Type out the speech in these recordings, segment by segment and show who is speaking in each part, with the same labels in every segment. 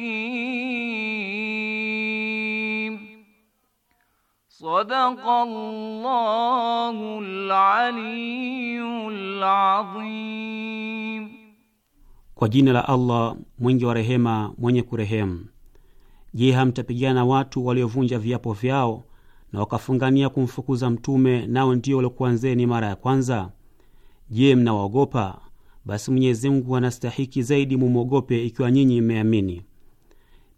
Speaker 1: Kwa
Speaker 2: jina la Allah mwingi wa rehema mwenye kurehemu. Je, hamtapigana watu waliovunja viapo vyao na wakafungania kumfukuza Mtume, nao ndio waliokuanzeni mara ya kwanza? Je, mnawaogopa? Basi Mwenyezi Mungu anastahiki zaidi mumwogope, ikiwa nyinyi mmeamini.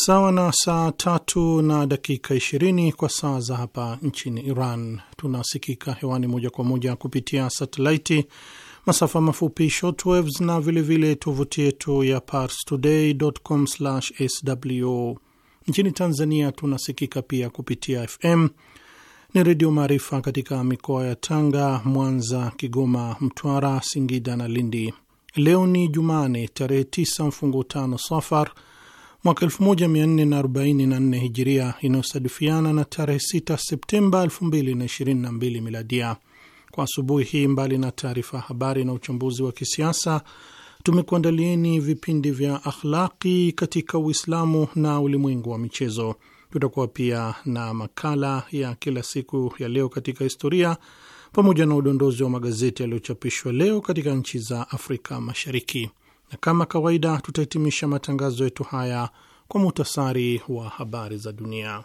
Speaker 3: sawa na saa tatu na dakika ishirini kwa saa za hapa nchini Iran. Tunasikika hewani moja kwa moja kupitia satelaiti, masafa mafupi shortwaves, na vilevile tovuti yetu ya parstoday.com/sw. Nchini Tanzania tunasikika pia kupitia FM ni Redio Maarifa katika mikoa ya Tanga, Mwanza, Kigoma, Mtwara, Singida na Lindi. Leo ni Jumane tarehe 9 mfungo tano Safar mwaka 1444 hijiria inayosadifiana na tarehe 6 Septemba 2022 miladia. Kwa asubuhi hii, mbali na taarifa ya habari na uchambuzi wa kisiasa, tumekuandalieni vipindi vya akhlaqi katika Uislamu na ulimwengu wa michezo. Tutakuwa pia na makala ya kila siku ya leo katika historia pamoja na udondozi wa magazeti yaliyochapishwa leo katika nchi za Afrika Mashariki na kama kawaida tutahitimisha matangazo yetu haya kwa muhtasari wa habari za dunia.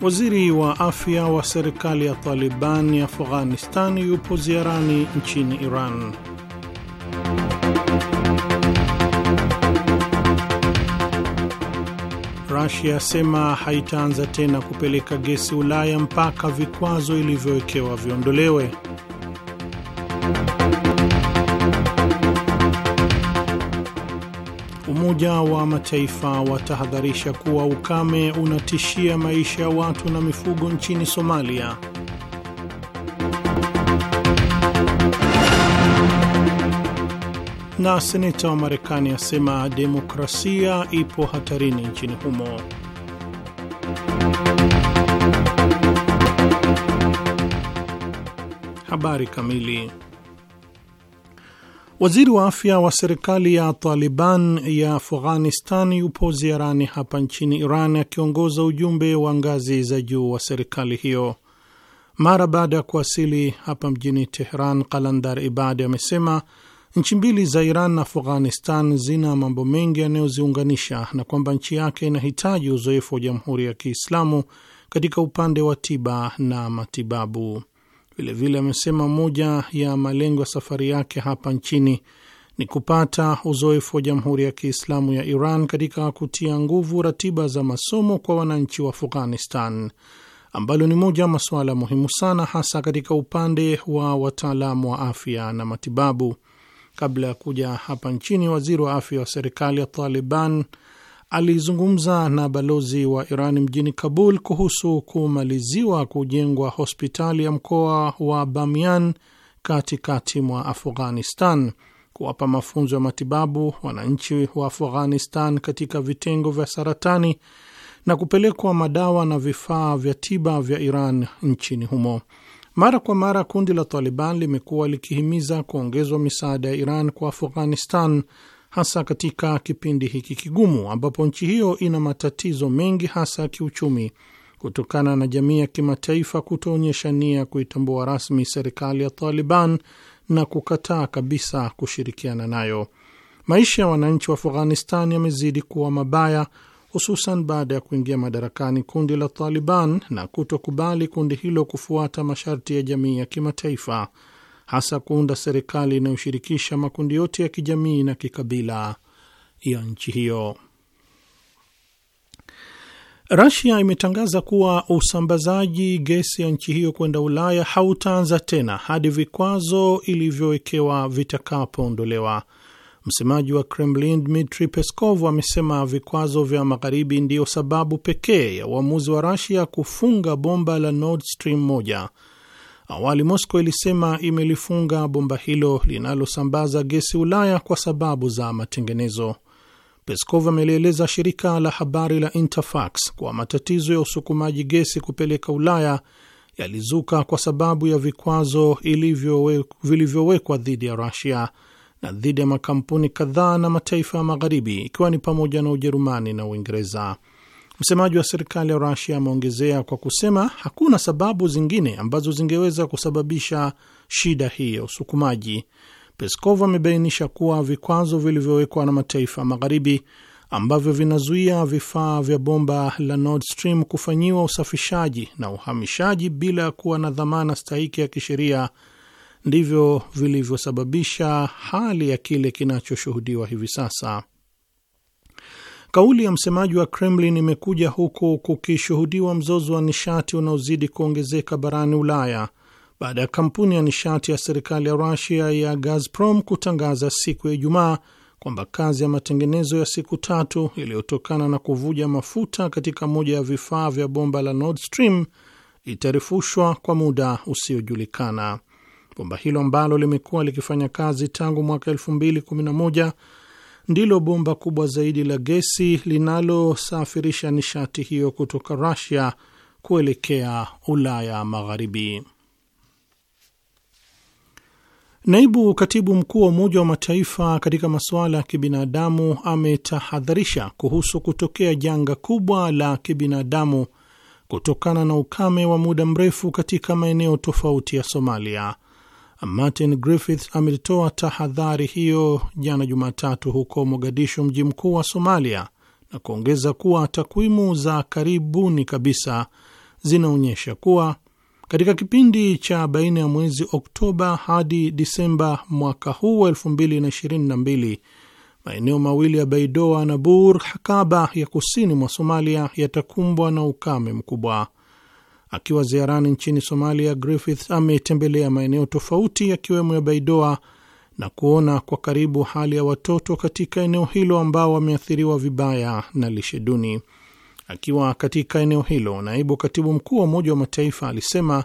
Speaker 3: Waziri wa afya wa serikali ya Taliban ya Afghanistan yupo ziarani nchini Iran. Rasia asema haitaanza tena kupeleka gesi Ulaya mpaka vikwazo ilivyowekewa viondolewe. Umoja wa Mataifa watahadharisha kuwa ukame unatishia maisha ya watu na mifugo nchini Somalia. Na seneta wa Marekani asema demokrasia ipo hatarini nchini humo. Habari kamili Waziri wa afya wa serikali ya Taliban ya Afghanistan yupo ziarani hapa nchini Iran akiongoza ujumbe wa ngazi za juu wa serikali hiyo. Mara baada ya kuwasili hapa mjini Tehran, Kalandar Ibadi amesema nchi mbili za Iran na Afghanistan zina mambo mengi yanayoziunganisha na kwamba nchi yake inahitaji uzoefu wa Jamhuri ya Kiislamu katika upande wa tiba na matibabu. Vilevile amesema moja ya malengo ya safari yake hapa nchini ni kupata uzoefu wa Jamhuri ya Kiislamu ya Iran katika kutia nguvu ratiba za masomo kwa wananchi wa Afghanistan, ambalo ni moja ya masuala muhimu sana, hasa katika upande wa wataalamu wa afya na matibabu. Kabla ya kuja hapa nchini, waziri wa afya wa serikali ya Taliban alizungumza na balozi wa Iran mjini Kabul kuhusu kumaliziwa kujengwa hospitali ya mkoa wa Bamian katikati mwa Afghanistan, kuwapa mafunzo ya matibabu wananchi wa Afghanistan katika vitengo vya saratani na kupelekwa madawa na vifaa vya tiba vya Iran nchini humo. Mara kwa mara kundi la Taliban limekuwa likihimiza kuongezwa misaada ya Iran kwa Afghanistan hasa katika kipindi hiki kigumu ambapo nchi hiyo ina matatizo mengi hasa ya kiuchumi kutokana na jamii ya kimataifa kutoonyesha nia ya kuitambua rasmi serikali ya Taliban na kukataa kabisa kushirikiana nayo. Maisha ya wananchi wa Afghanistani yamezidi kuwa mabaya, hususan baada ya kuingia madarakani kundi la Taliban na kutokubali kundi hilo kufuata masharti ya jamii ya kimataifa hasa kuunda serikali inayoshirikisha makundi yote ya kijamii na kikabila ya nchi hiyo. Rasia imetangaza kuwa usambazaji gesi ya nchi hiyo kwenda Ulaya hautaanza tena hadi vikwazo ilivyowekewa vitakapoondolewa. Msemaji wa Kremlin Dmitri Peskov amesema vikwazo vya Magharibi ndiyo sababu pekee ya uamuzi wa Rasia kufunga bomba la Nord Stream moja Awali Moscow ilisema imelifunga bomba hilo linalosambaza gesi Ulaya kwa sababu za matengenezo. Peskov amelieleza shirika la habari la Interfax kwa matatizo ya usukumaji gesi kupeleka Ulaya yalizuka kwa sababu ya vikwazo vilivyowekwa dhidi ya Rusia na dhidi ya makampuni kadhaa na mataifa ya Magharibi, ikiwa ni pamoja na Ujerumani na Uingereza. Msemaji wa serikali ya Rusia ameongezea kwa kusema hakuna sababu zingine ambazo zingeweza kusababisha shida hii ya usukumaji. Peskov amebainisha kuwa vikwazo vilivyowekwa na mataifa magharibi ambavyo vinazuia vifaa vya bomba la Nord Stream kufanyiwa usafishaji na uhamishaji bila ya kuwa na dhamana stahiki ya kisheria ndivyo vilivyosababisha hali ya kile kinachoshuhudiwa hivi sasa. Kauli ya msemaji wa Kremlin imekuja huku kukishuhudiwa mzozo wa nishati unaozidi kuongezeka barani Ulaya baada ya kampuni ya nishati ya serikali ya Rusia ya Gazprom kutangaza siku ya Ijumaa kwamba kazi ya matengenezo ya siku tatu iliyotokana na kuvuja mafuta katika moja ya vifaa vya bomba la Nord Stream itarifushwa kwa muda usiojulikana. Bomba hilo ambalo limekuwa likifanya kazi tangu mwaka 2011 ndilo bomba kubwa zaidi la gesi linalosafirisha nishati hiyo kutoka rasia kuelekea Ulaya Magharibi. Naibu katibu mkuu wa Umoja wa Mataifa katika masuala ya kibinadamu ametahadharisha kuhusu kutokea janga kubwa la kibinadamu kutokana na ukame wa muda mrefu katika maeneo tofauti ya Somalia Martin Griffiths ametoa tahadhari hiyo jana Jumatatu huko Mogadishu, mji mkuu wa Somalia, na kuongeza kuwa takwimu za karibuni kabisa zinaonyesha kuwa katika kipindi cha baina ya mwezi Oktoba hadi Disemba mwaka huu wa 2022 maeneo mawili ya Baidoa na Bur Hakaba ya kusini mwa Somalia yatakumbwa na ukame mkubwa. Akiwa ziarani nchini Somalia, Griffiths ametembelea maeneo tofauti yakiwemo ya Baidoa na kuona kwa karibu hali ya watoto katika eneo hilo ambao wameathiriwa vibaya na lishe duni. Akiwa katika eneo hilo, naibu katibu mkuu wa Umoja wa Mataifa alisema,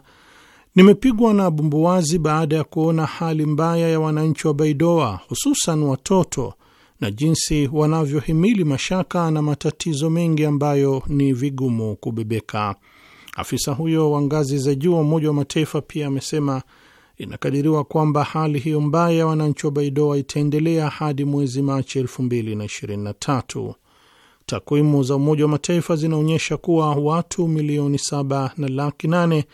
Speaker 3: nimepigwa na bumbuwazi baada ya kuona hali mbaya ya wananchi wa Baidoa, hususan watoto na jinsi wanavyohimili mashaka na matatizo mengi ambayo ni vigumu kubebeka. Afisa huyo wa ngazi za juu wa Umoja wa Mataifa pia amesema inakadiriwa kwamba hali hiyo mbaya ya wananchi wa Baidoa itaendelea hadi mwezi Machi 2023. Takwimu za Umoja wa Mataifa zinaonyesha kuwa watu milioni saba na laki nane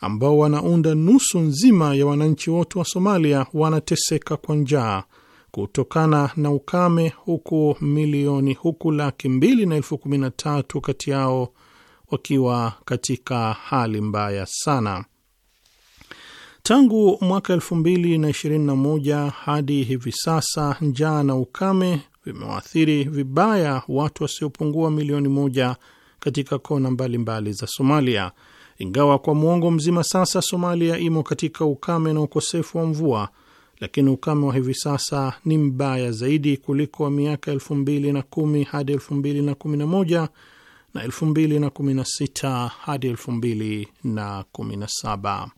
Speaker 3: ambao wanaunda nusu nzima ya wananchi wote wa Somalia wanateseka kwa njaa kutokana na ukame, huku milioni huku laki mbili na elfu kumi na tatu kati yao wakiwa katika hali mbaya sana. Tangu mwaka na moja hadi hivi sasa, njaa na ukame vimewaathiri vibaya watu wasiopungua milioni moja katika kona mbalimbali mbali za Somalia. Ingawa kwa mwongo mzima sasa Somalia imo katika ukame na ukosefu wa mvua, lakini ukame wa hivi sasa ni mbaya zaidi kuliko wa miaka kumi hadi elfu mbili na na kumi moja na 2016 hadi 2017.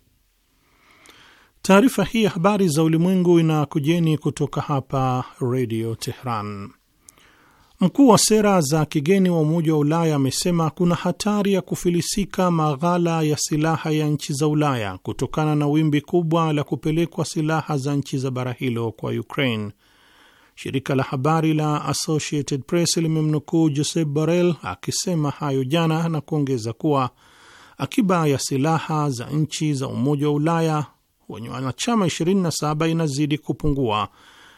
Speaker 3: Taarifa hii ya habari za ulimwengu inakujeni kutoka hapa Redio Tehran. Mkuu wa sera za kigeni wa Umoja wa Ulaya amesema kuna hatari ya kufilisika maghala ya silaha ya nchi za Ulaya kutokana na wimbi kubwa la kupelekwa silaha za nchi za bara hilo kwa Ukraine Shirika la habari la Associated Press limemnukuu Josep Borrell akisema hayo jana na kuongeza kuwa akiba ya silaha za nchi za Umoja wa Ulaya wenye wanachama 27 inazidi kupungua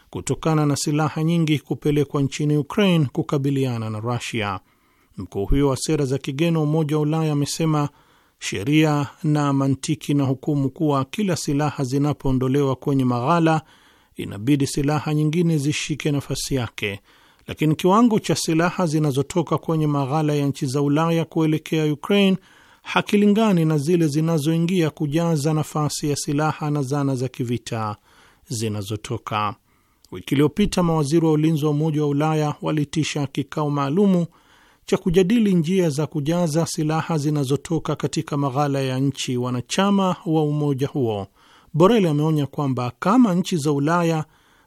Speaker 3: kutokana na silaha nyingi kupelekwa nchini Ukraine kukabiliana na Rusia. Mkuu huyo wa sera za kigeni wa Umoja wa Ulaya amesema sheria na mantiki na hukumu kuwa kila silaha zinapoondolewa kwenye maghala inabidi silaha nyingine zishike nafasi yake, lakini kiwango cha silaha zinazotoka kwenye maghala ya nchi za Ulaya kuelekea Ukraine hakilingani na zile zinazoingia kujaza nafasi ya silaha na zana za kivita zinazotoka. Wiki iliyopita mawaziri wa ulinzi wa Umoja wa Ulaya walitisha kikao maalumu cha kujadili njia za kujaza silaha zinazotoka katika maghala ya nchi wanachama wa umoja huo Borel ameonya kwamba kama nchi za Ulaya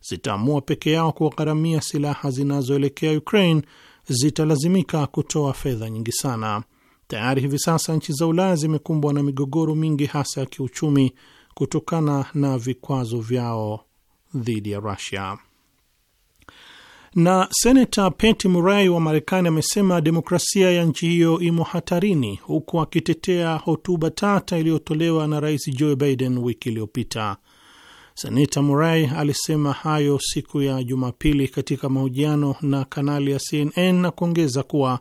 Speaker 3: zitaamua peke yao kuwagharamia silaha zinazoelekea Ukraine zitalazimika kutoa fedha nyingi sana. Tayari hivi sasa nchi za Ulaya zimekumbwa na migogoro mingi, hasa ya kiuchumi, kutokana na vikwazo vyao dhidi ya Rusia. Na senata Peti Murray wa Marekani amesema demokrasia ya nchi hiyo imo hatarini, huku akitetea hotuba tata iliyotolewa na Rais Joe Biden wiki iliyopita. senata Murray alisema hayo siku ya Jumapili katika mahojiano na kanali ya CNN na kuongeza kuwa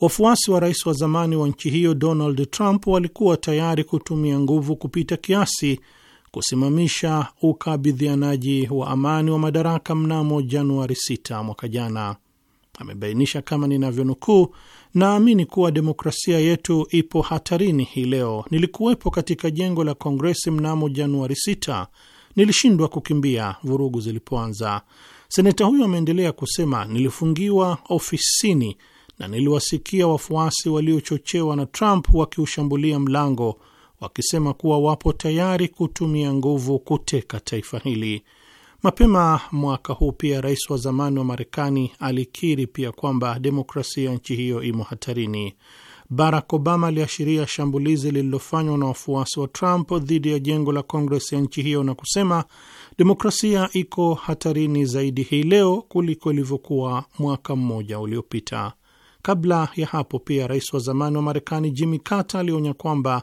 Speaker 3: wafuasi wa rais wa zamani wa nchi hiyo Donald Trump walikuwa tayari kutumia nguvu kupita kiasi kusimamisha ukabidhianaji wa amani wa madaraka mnamo Januari 6 mwaka jana. Amebainisha kama ninavyonukuu, naamini kuwa demokrasia yetu ipo hatarini hii leo. Nilikuwepo katika jengo la Kongresi mnamo Januari 6, nilishindwa kukimbia vurugu zilipoanza. Seneta huyo ameendelea kusema, nilifungiwa ofisini na niliwasikia wafuasi waliochochewa na Trump wakiushambulia mlango wakisema kuwa wapo tayari kutumia nguvu kuteka taifa hili. Mapema mwaka huu pia rais wa zamani wa Marekani alikiri pia kwamba demokrasia ya nchi hiyo imo hatarini. Barack Obama aliashiria shambulizi lililofanywa na wafuasi wa Trump dhidi ya jengo la Kongres ya nchi hiyo na kusema demokrasia iko hatarini zaidi hii leo kuliko ilivyokuwa mwaka mmoja uliopita. Kabla ya hapo pia rais wa zamani wa Marekani Jimmy Carter alionya kwamba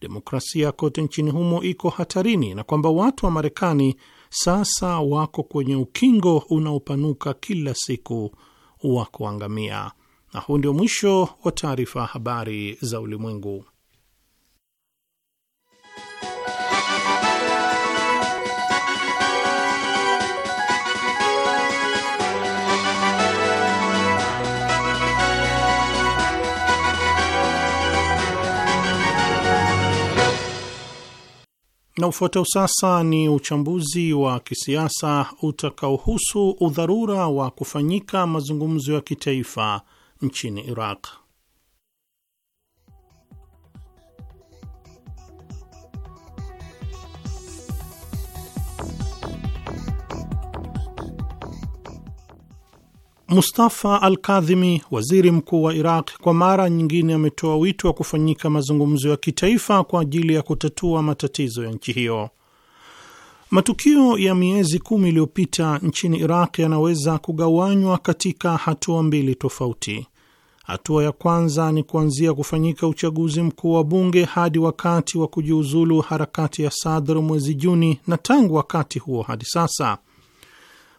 Speaker 3: demokrasia kote nchini humo iko hatarini na kwamba watu wa Marekani sasa wako kwenye ukingo unaopanuka kila siku wa kuangamia. Na huu ndio mwisho wa taarifa habari za ulimwengu. Na ufuatao sasa ni uchambuzi wa kisiasa utakaohusu udharura wa kufanyika mazungumzo ya kitaifa nchini Iraq. Mustafa Al Kadhimi, waziri mkuu wa Iraq, kwa mara nyingine ametoa wito wa kufanyika mazungumzo ya kitaifa kwa ajili ya kutatua matatizo ya nchi hiyo. Matukio ya miezi kumi iliyopita nchini Iraq yanaweza kugawanywa katika hatua mbili tofauti. Hatua ya kwanza ni kuanzia kufanyika uchaguzi mkuu wa bunge hadi wakati wa kujiuzulu harakati ya Sadr mwezi Juni, na tangu wakati huo hadi sasa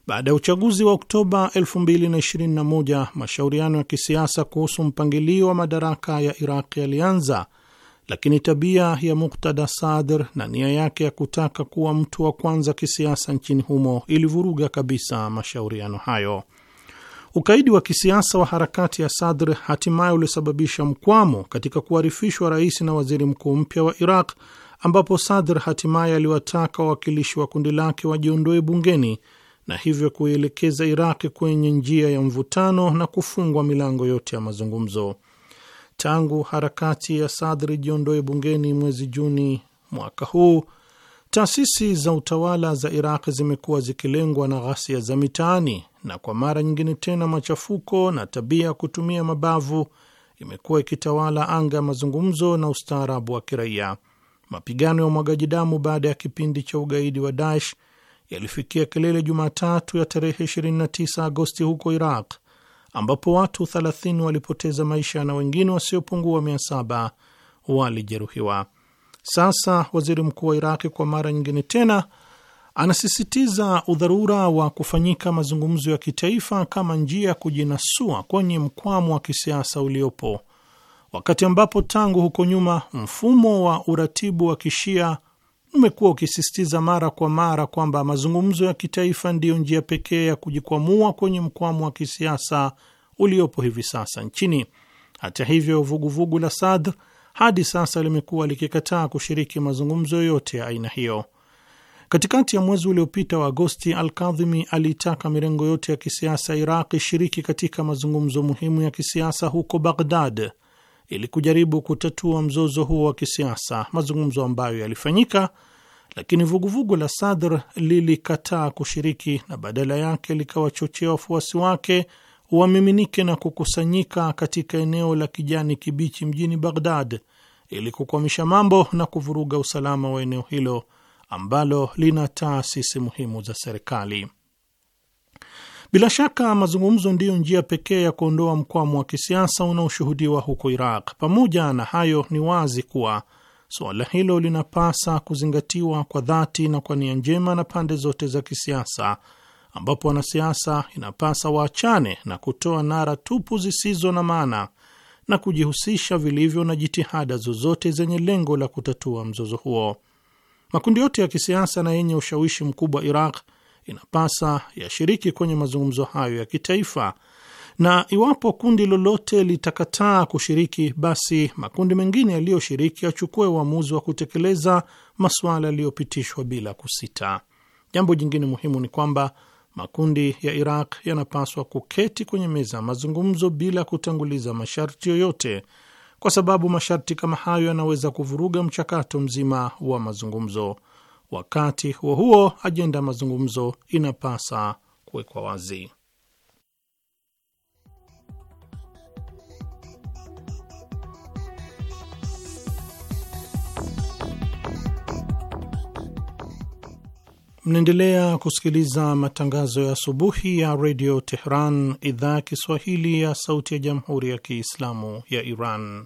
Speaker 3: baada ya uchaguzi wa Oktoba 2021 mashauriano ya kisiasa kuhusu mpangilio wa madaraka ya Iraq yalianza, lakini tabia ya Muktada Sadr na nia yake ya kutaka kuwa mtu wa kwanza kisiasa nchini humo ilivuruga kabisa mashauriano hayo. Ukaidi wa kisiasa wa harakati ya Sadr hatimaye ulisababisha mkwamo katika kuarifishwa rais na waziri mkuu mpya wa Iraq, ambapo Sadr hatimaye aliwataka wawakilishi wa kundi lake wajiondoe bungeni na hivyo kuielekeza iraq kwenye njia ya mvutano na kufungwa milango yote ya mazungumzo. Tangu harakati ya Sadri jiondoe bungeni mwezi Juni mwaka huu, taasisi za utawala za Iraq zimekuwa zikilengwa na ghasia za mitaani, na kwa mara nyingine tena machafuko na tabia ya kutumia mabavu imekuwa ikitawala anga ya mazungumzo na ustaarabu wa kiraia. Mapigano ya umwagaji damu baada ya kipindi cha ugaidi wa Daesh yalifikia kelele Jumatatu ya tarehe 29 Agosti huko Iraq, ambapo watu 30 walipoteza maisha na wengine wasiopungua 700 walijeruhiwa. Sasa waziri mkuu wa Iraqi kwa mara nyingine tena anasisitiza udharura wa kufanyika mazungumzo ya kitaifa kama njia ya kujinasua kwenye mkwamo wa kisiasa uliopo, wakati ambapo tangu huko nyuma mfumo wa uratibu wa kishia umekuwa ukisisitiza mara kwa mara kwamba mazungumzo ya kitaifa ndiyo njia pekee ya kujikwamua kwenye mkwamo wa kisiasa uliopo hivi sasa nchini. Hata hivyo, vuguvugu la Sadr hadi sasa limekuwa likikataa kushiriki mazungumzo yoyote ya aina hiyo. Katikati ya mwezi uliopita wa Agosti, Alkadhimi aliitaka mirengo yote ya kisiasa Iraq ishiriki katika mazungumzo muhimu ya kisiasa huko Baghdad ili kujaribu kutatua mzozo huo wa kisiasa, mazungumzo ambayo yalifanyika, lakini vuguvugu la Sadr lilikataa kushiriki na badala yake likawachochea wafuasi wake wamiminike na kukusanyika katika eneo la kijani kibichi mjini Baghdad ili kukwamisha mambo na kuvuruga usalama wa eneo hilo ambalo lina taasisi muhimu za serikali. Bila shaka mazungumzo ndiyo njia pekee ya kuondoa mkwamo wa kisiasa unaoshuhudiwa huko Iraq. Pamoja na hayo, ni wazi kuwa suala hilo linapasa kuzingatiwa kwa dhati na kwa nia njema na pande zote za kisiasa, ambapo wanasiasa inapasa waachane na kutoa nara tupu zisizo na maana na kujihusisha vilivyo na jitihada zozote zenye lengo la kutatua mzozo huo. Makundi yote ya kisiasa na yenye ushawishi mkubwa Iraq inapasa yashiriki kwenye mazungumzo hayo ya kitaifa, na iwapo kundi lolote litakataa kushiriki, basi makundi mengine yaliyoshiriki yachukue uamuzi wa kutekeleza masuala yaliyopitishwa bila kusita. Jambo jingine muhimu ni kwamba makundi ya Iraq yanapaswa kuketi kwenye meza ya mazungumzo bila kutanguliza masharti yoyote, kwa sababu masharti kama hayo yanaweza kuvuruga mchakato mzima wa mazungumzo. Wakati huo huo, ajenda ya mazungumzo inapasa kuwekwa wazi. Mnaendelea kusikiliza matangazo ya asubuhi ya redio Tehran, idhaa ya Kiswahili ya sauti ya jamhuri ya kiislamu ya Iran.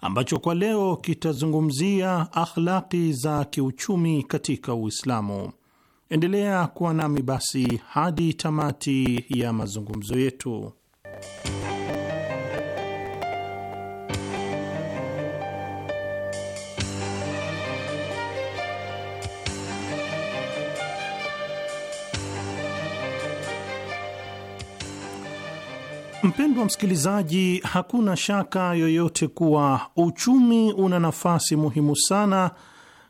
Speaker 3: ambacho kwa leo kitazungumzia akhlaki za kiuchumi katika Uislamu. Endelea kuwa nami basi hadi tamati ya mazungumzo yetu. Mpendwa msikilizaji, hakuna shaka yoyote kuwa uchumi una nafasi muhimu sana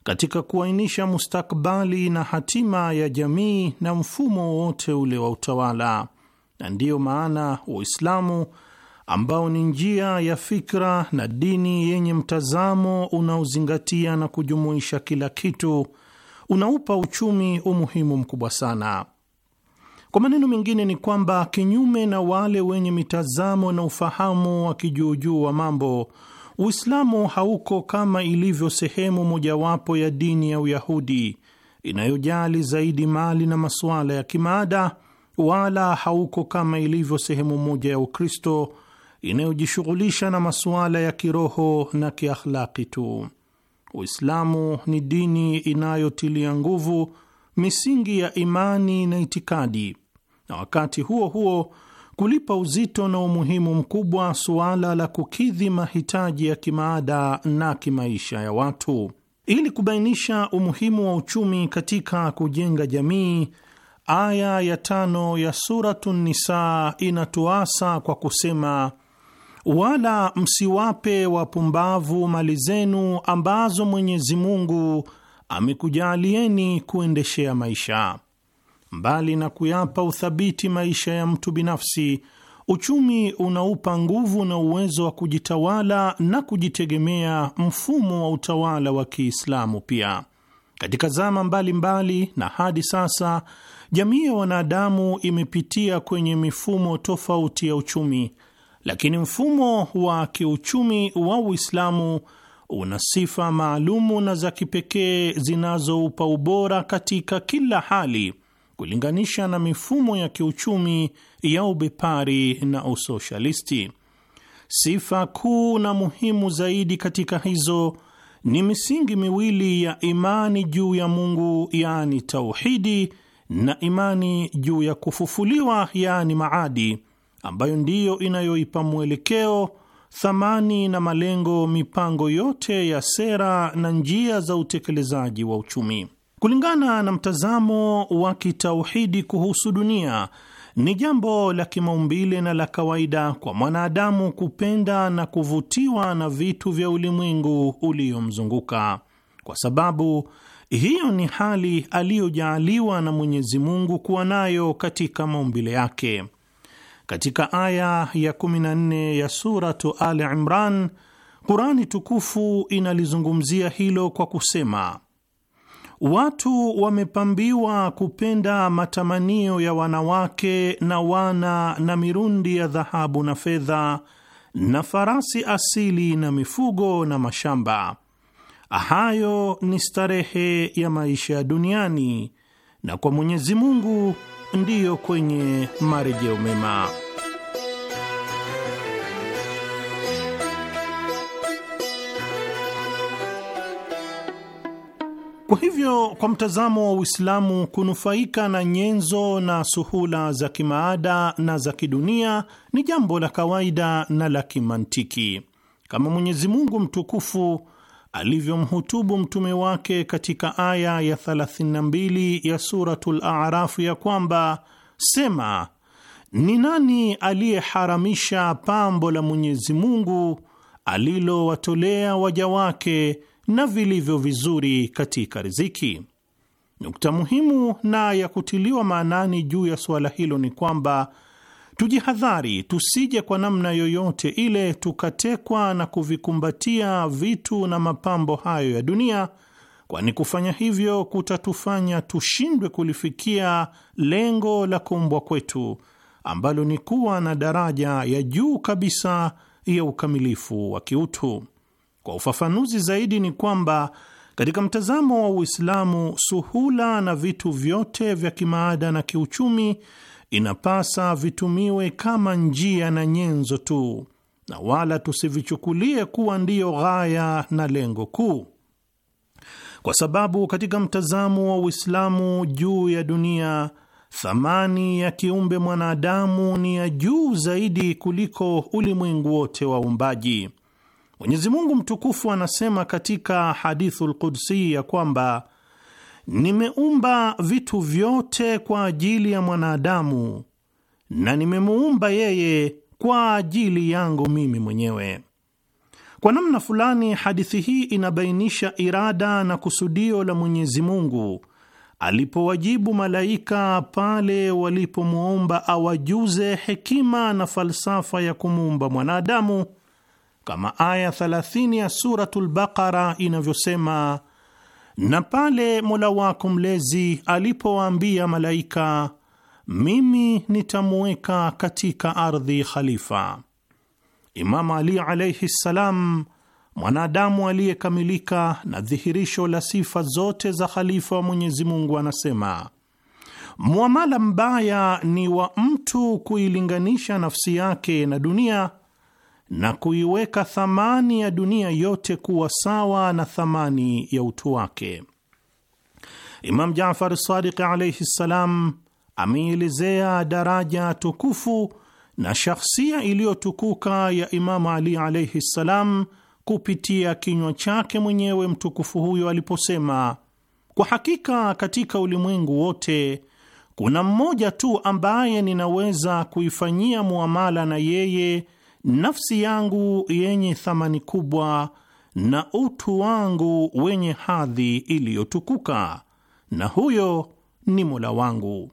Speaker 3: katika kuainisha mustakbali na hatima ya jamii na mfumo wowote ule wa utawala, na ndiyo maana Uislamu ambao ni njia ya fikra na dini yenye mtazamo unaozingatia na kujumuisha kila kitu unaupa uchumi umuhimu mkubwa sana. Kwa maneno mengine ni kwamba kinyume na wale wenye mitazamo na ufahamu wa kijuujuu wa mambo, Uislamu hauko kama ilivyo sehemu mojawapo ya dini ya Uyahudi inayojali zaidi mali na masuala ya kimaada, wala hauko kama ilivyo sehemu moja ya Ukristo inayojishughulisha na masuala ya kiroho na kiakhlaki tu. Uislamu ni dini inayotilia nguvu misingi ya imani na itikadi, na wakati huo huo kulipa uzito na umuhimu mkubwa suala la kukidhi mahitaji ya kimaada na kimaisha ya watu. Ili kubainisha umuhimu wa uchumi katika kujenga jamii, aya ya tano ya Suratu Nisa inatuasa kwa kusema wala msiwape wapumbavu mali zenu ambazo Mwenyezi Mungu amekujaalieni kuendeshea maisha. Mbali na kuyapa uthabiti maisha ya mtu binafsi, uchumi unaupa nguvu na uwezo wa kujitawala na kujitegemea mfumo wa utawala wa Kiislamu. Pia katika zama mbalimbali mbali na hadi sasa, jamii ya wanadamu imepitia kwenye mifumo tofauti ya uchumi, lakini mfumo wa kiuchumi wa Uislamu una sifa maalumu na za kipekee zinazoupa ubora katika kila hali kulinganisha na mifumo ya kiuchumi ya ubepari na usoshalisti. Sifa kuu na muhimu zaidi katika hizo ni misingi miwili ya imani juu ya Mungu, yaani tauhidi, na imani juu ya kufufuliwa, yaani maadi, ambayo ndiyo inayoipa mwelekeo thamani na malengo, mipango yote ya sera na njia za utekelezaji wa uchumi. Kulingana na mtazamo wa kitauhidi kuhusu dunia, ni jambo la kimaumbile na la kawaida kwa mwanadamu kupenda na kuvutiwa na vitu vya ulimwengu uliomzunguka, kwa sababu hiyo ni hali aliyojaaliwa na Mwenyezi Mungu kuwa nayo katika maumbile yake. Katika aya ya 14 ya suratu Al Imran, Qurani tukufu inalizungumzia hilo kwa kusema, watu wamepambiwa kupenda matamanio ya wanawake na wana na mirundi ya dhahabu na fedha na farasi asili na mifugo na mashamba. Hayo ni starehe ya maisha ya duniani, na kwa Mwenyezi Mungu ndiyo kwenye marejeo mema. Kwa hivyo, kwa mtazamo wa Uislamu, kunufaika na nyenzo na suhula za kimaada na za kidunia ni jambo la kawaida na la kimantiki, kama Mwenyezi Mungu mtukufu alivyomhutubu mtume wake katika aya ya 32 ya Suratul arafu ya kwamba, sema ni nani aliyeharamisha pambo la Mwenyezi Mungu alilowatolea waja wake na vilivyo vizuri katika riziki. Nukta muhimu na ya kutiliwa maanani juu ya suala hilo ni kwamba Tujihadhari tusije kwa namna yoyote ile tukatekwa na kuvikumbatia vitu na mapambo hayo ya dunia, kwani kufanya hivyo kutatufanya tushindwe kulifikia lengo la kuumbwa kwetu ambalo ni kuwa na daraja ya juu kabisa ya ukamilifu wa kiutu. Kwa ufafanuzi zaidi, ni kwamba katika mtazamo wa Uislamu, suhula na vitu vyote vya kimaada na kiuchumi inapasa vitumiwe kama njia na nyenzo tu, na wala tusivichukulie kuwa ndiyo ghaya na lengo kuu, kwa sababu katika mtazamo wa Uislamu juu ya dunia thamani ya kiumbe mwanadamu ni ya juu zaidi kuliko ulimwengu wote wa uumbaji. Mwenyezi Mungu mtukufu anasema katika Hadithul Qudsi ya kwamba nimeumba vitu vyote kwa ajili ya mwanadamu na nimemuumba yeye kwa ajili yangu mimi mwenyewe. Kwa namna fulani, hadithi hii inabainisha irada na kusudio la Mwenyezi Mungu alipowajibu malaika pale walipomwomba awajuze hekima na falsafa ya kumuumba mwanadamu, kama aya 30 ya Suratul Baqara inavyosema: na pale Mola wako mlezi alipowaambia malaika, mimi nitamuweka katika ardhi khalifa, Imamu Ali alaihi ssalam, mwanadamu aliyekamilika na dhihirisho la sifa zote za khalifa wa Mwenyezi Mungu, anasema mwamala mbaya ni wa mtu kuilinganisha nafsi yake na dunia na kuiweka thamani ya dunia yote kuwa sawa na thamani ya utu wake. Imam Jafar Sadiq alaihi ssalam ameielezea daraja tukufu na shakhsia iliyotukuka ya Imamu Ali alaihi ssalam kupitia kinywa chake mwenyewe mtukufu huyo aliposema, kwa hakika katika ulimwengu wote kuna mmoja tu ambaye ninaweza kuifanyia muamala na yeye nafsi yangu yenye thamani kubwa na utu wangu wenye hadhi iliyotukuka, na huyo ni Mola wangu.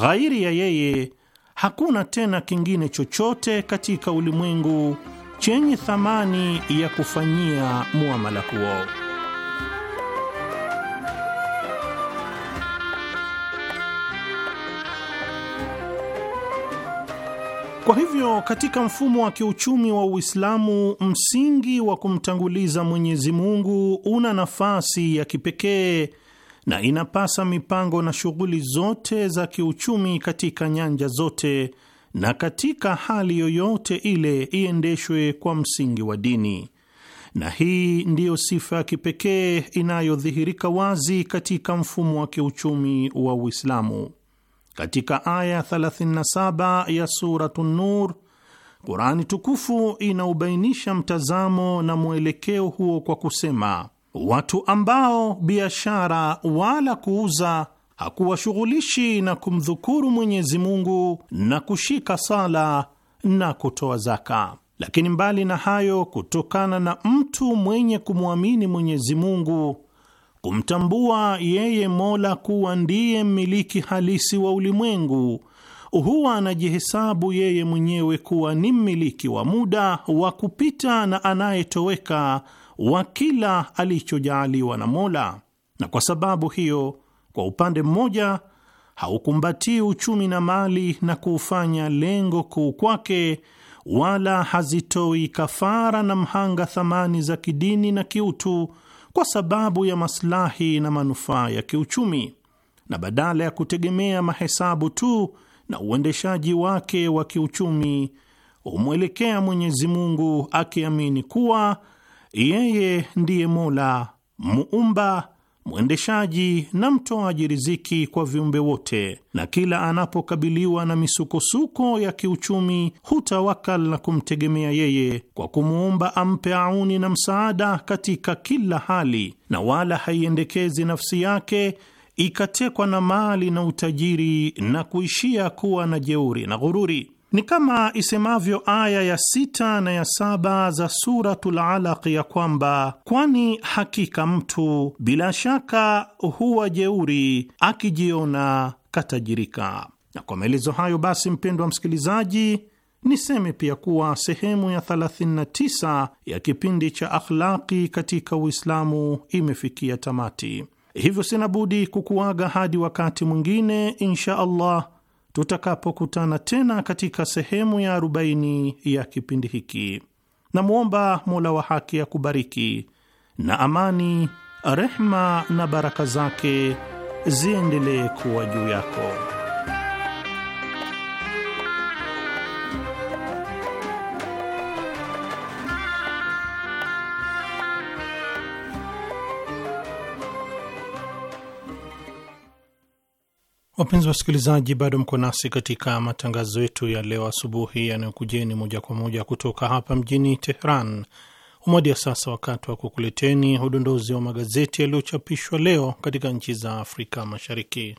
Speaker 3: Ghairi ya yeye hakuna tena kingine chochote katika ulimwengu chenye thamani ya kufanyia muamala huo. Kwa hivyo katika mfumo wa kiuchumi wa Uislamu, msingi wa kumtanguliza Mwenyezi Mungu una nafasi ya kipekee na inapasa mipango na shughuli zote za kiuchumi katika nyanja zote na katika hali yoyote ile iendeshwe kwa msingi wa dini, na hii ndiyo sifa ya kipekee inayodhihirika wazi katika mfumo wa kiuchumi wa Uislamu. Katika aya 37 ya Suratu Nur, Kurani tukufu inaubainisha mtazamo na mwelekeo huo kwa kusema, watu ambao biashara wala kuuza hakuwashughulishi na kumdhukuru Mwenyezi Mungu na kushika sala na kutoa zaka. Lakini mbali na hayo, kutokana na mtu mwenye kumwamini Mwenyezi Mungu kumtambua yeye Mola kuwa ndiye mmiliki halisi wa ulimwengu, huwa anajihesabu yeye mwenyewe kuwa ni mmiliki wa muda wa kupita na anayetoweka wa kila alichojaaliwa na Mola, na kwa sababu hiyo, kwa upande mmoja haukumbatii uchumi na mali na kuufanya lengo kuu kwake, wala hazitoi kafara na mhanga thamani za kidini na kiutu kwa sababu ya maslahi na manufaa ya kiuchumi, na badala ya kutegemea mahesabu tu na uendeshaji wake wa kiuchumi humwelekea Mwenyezi Mungu akiamini kuwa yeye ndiye Mola muumba mwendeshaji na mtoaji riziki kwa viumbe wote, na kila anapokabiliwa na misukosuko ya kiuchumi hutawakal na kumtegemea yeye kwa kumwomba ampe auni na msaada katika kila hali, na wala haiendekezi nafsi yake ikatekwa na mali na utajiri na kuishia kuwa na jeuri na ghururi. Ni kama isemavyo aya ya sita na ya saba za Suratul Alaq ya kwamba kwani hakika mtu bila shaka huwa jeuri akijiona katajirika. Na kwa maelezo hayo basi, mpendwa msikilizaji, niseme pia kuwa sehemu ya 39 ya kipindi cha Akhlaqi katika Uislamu imefikia tamati, hivyo sina budi kukuaga hadi wakati mwingine insha Allah tutakapokutana tena katika sehemu ya arobaini ya kipindi hiki. Namwomba Mola wa haki akubariki na amani, rehma na baraka zake ziendelee kuwa juu yako. Wapenzi wasikilizaji, bado mko nasi katika matangazo yetu ya leo asubuhi yanayokujeni moja kwa moja kutoka hapa mjini Tehran. Umwadi ya sasa wakati wa kukuleteni udondozi wa magazeti yaliyochapishwa leo katika nchi za Afrika Mashariki.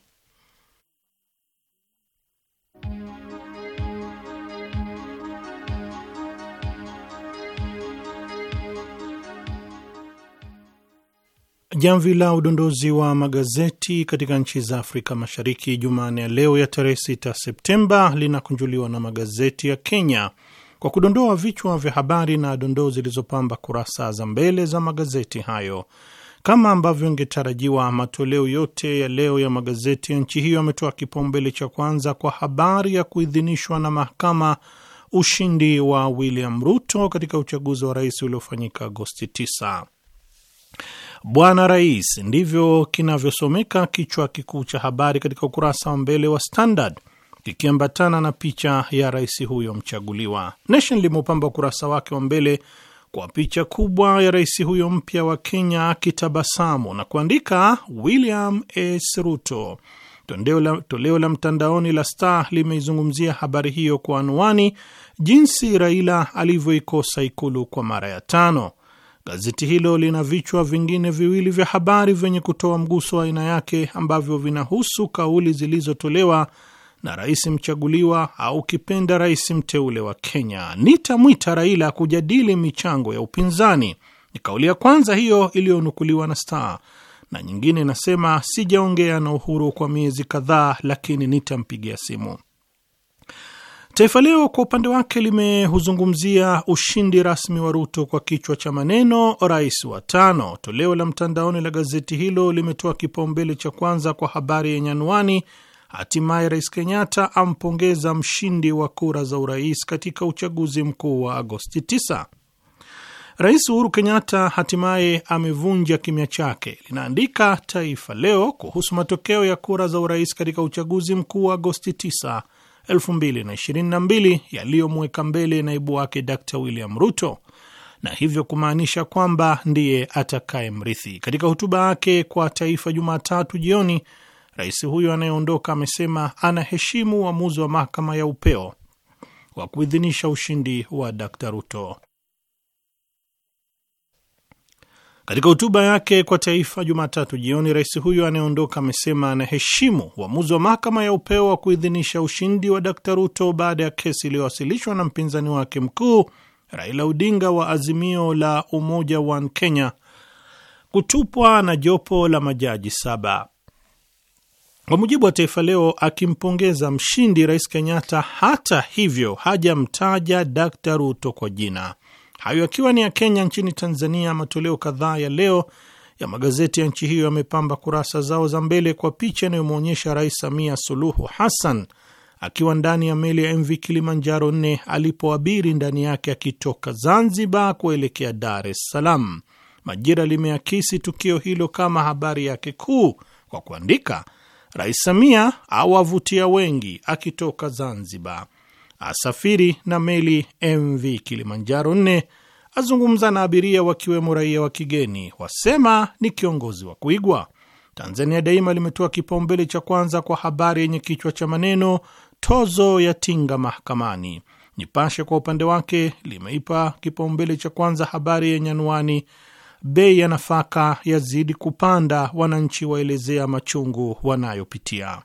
Speaker 3: Jamvi la udondozi wa magazeti katika nchi za Afrika Mashariki Jumanne ya leo ya tarehe 6 Septemba linakunjuliwa na magazeti ya Kenya kwa kudondoa vichwa vya habari na dondoo zilizopamba kurasa za mbele za magazeti hayo. Kama ambavyo ingetarajiwa, matoleo yote ya leo ya magazeti ya nchi hiyo yametoa kipaumbele cha kwanza kwa habari ya kuidhinishwa na mahakama ushindi wa William Ruto katika uchaguzi wa rais uliofanyika Agosti 9. Bwana Rais, ndivyo kinavyosomeka kichwa kikuu cha habari katika ukurasa wa mbele wa Standard kikiambatana na picha ya rais huyo mchaguliwa. Nation limeupamba ukurasa wake wa mbele kwa picha kubwa ya rais huyo mpya wa Kenya akitabasamu na kuandika William S. Ruto. La, toleo la mtandaoni la Star limeizungumzia habari hiyo kwa anwani jinsi Raila alivyoikosa ikulu kwa mara ya tano. Gazeti hilo lina vichwa vingine viwili vya habari vyenye kutoa mguso wa aina yake ambavyo vinahusu kauli zilizotolewa na rais mchaguliwa au kipenda rais mteule wa Kenya, nitamwita Raila kujadili michango ya upinzani. Ni kauli ya kwanza hiyo iliyonukuliwa na Star na nyingine inasema sijaongea na Uhuru kwa miezi kadhaa, lakini nitampigia simu. Taifa Leo kwa upande wake limehuzungumzia ushindi rasmi wa Ruto kwa kichwa cha maneno rais wa tano. Toleo la mtandaoni la gazeti hilo limetoa kipaumbele cha kwanza kwa habari yenye anwani hatimaye Rais Kenyatta ampongeza mshindi wa kura za urais katika uchaguzi mkuu wa Agosti 9. Rais Uhuru Kenyatta hatimaye amevunja kimya chake, linaandika Taifa Leo kuhusu matokeo ya kura za urais katika uchaguzi mkuu wa Agosti 9 2022 yaliyomweka mbele naibu wake Dr William Ruto na hivyo kumaanisha kwamba ndiye mrithi Katika hotuba yake kwa taifa Jumatatu jioni, rais huyo anayeondoka amesema anaheshimu uamuzi wa mahakama ya upeo wa kuidhinisha ushindi wa Dr Ruto. Katika hotuba yake kwa taifa Jumatatu jioni, rais huyo anayeondoka amesema anaheshimu uamuzi wa mahakama ya upeo wa kuidhinisha ushindi wa Dkt Ruto baada ya kesi iliyowasilishwa na mpinzani wake mkuu Raila Odinga wa Azimio la Umoja One Kenya kutupwa na jopo la majaji saba. Kwa mujibu wa Taifa Leo, akimpongeza mshindi, Rais Kenyatta hata hivyo hajamtaja Dkt Ruto kwa jina. Hayo yakiwa ni ya Kenya. Nchini Tanzania, matoleo kadhaa ya leo ya magazeti ya nchi hiyo yamepamba kurasa zao za mbele kwa picha inayomwonyesha Rais Samia Suluhu Hassan akiwa ndani ya meli ya MV Kilimanjaro nne alipoabiri ndani yake akitoka Zanzibar kuelekea Dar es Salaam. Majira limeakisi tukio hilo kama habari yake kuu kwa kuandika, Rais Samia awavutia wengi akitoka Zanzibar asafiri na meli MV Kilimanjaro 4 azungumza na abiria wakiwemo raia wa kigeni, wasema ni kiongozi wa kuigwa. Tanzania Daima limetoa kipaumbele cha kwanza kwa habari yenye kichwa cha maneno tozo ya tinga mahakamani. Nipashe kwa upande wake limeipa kipaumbele cha kwanza habari yenye anwani bei ya nafaka yazidi kupanda, wananchi waelezea machungu wanayopitia.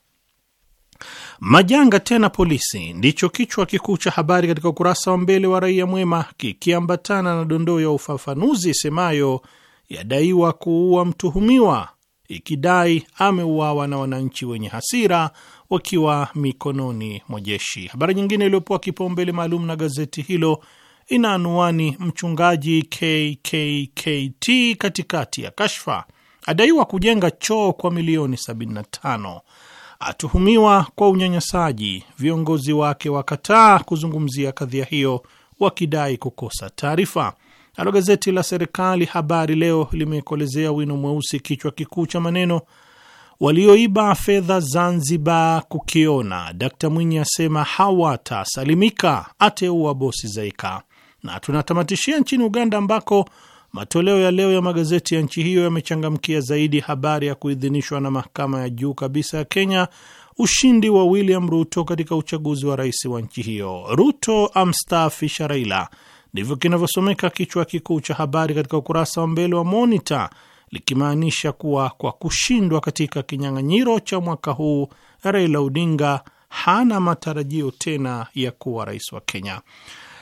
Speaker 3: Majanga tena polisi ndicho kichwa kikuu cha habari katika ukurasa wa mbele wa Raia Mwema, kikiambatana na dondoo ya ufafanuzi isemayo yadaiwa kuua mtuhumiwa, ikidai ameuawa na wananchi wenye hasira wakiwa mikononi mwa jeshi. Habari nyingine iliyopewa kipaumbele maalum na gazeti hilo ina anuani mchungaji KKKT katikati ya kashfa, adaiwa kujenga choo kwa milioni 75 atuhumiwa kwa unyanyasaji, viongozi wake wakataa kuzungumzia kadhia hiyo wakidai kukosa taarifa. Nalo gazeti la serikali Habari Leo limekolezea wino mweusi kichwa kikuu cha maneno walioiba fedha Zanzibar kukiona. Dkt Mwinyi asema hawatasalimika, ateua bosi Zaika. Na tunatamatishia nchini Uganda ambako Matoleo ya leo ya magazeti ya nchi hiyo yamechangamkia zaidi habari ya kuidhinishwa na mahakama ya juu kabisa ya Kenya ushindi wa William Ruto katika uchaguzi wa rais wa nchi hiyo. Ruto amstaafisha Raila, ndivyo kinavyosomeka kichwa kikuu cha habari katika ukurasa wa mbele wa Monitor, likimaanisha kuwa kwa kushindwa katika kinyang'anyiro cha mwaka huu, Raila Odinga hana matarajio tena ya kuwa rais wa Kenya.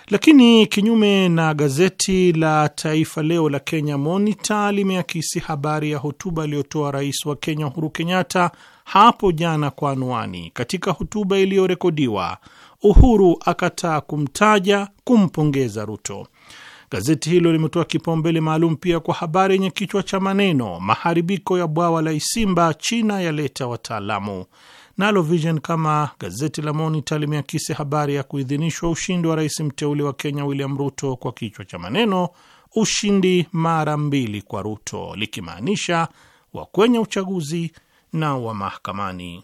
Speaker 3: Lakini kinyume na gazeti la Taifa Leo la Kenya Monitor limeakisi habari ya hotuba aliyotoa rais wa Kenya Uhuru Kenyatta hapo jana kwa anwani, katika hotuba iliyorekodiwa Uhuru akataa kumtaja kumpongeza Ruto. Gazeti hilo limetoa kipaumbele maalum pia kwa habari yenye kichwa cha maneno maharibiko ya bwawa la Isimba, China yaleta wataalamu. Nalo Vision kama gazeti la Monita limeakisi habari ya kuidhinishwa ushindi wa rais mteule wa Kenya William Ruto kwa kichwa cha maneno ushindi mara mbili kwa Ruto, likimaanisha wa kwenye uchaguzi na wa mahakamani.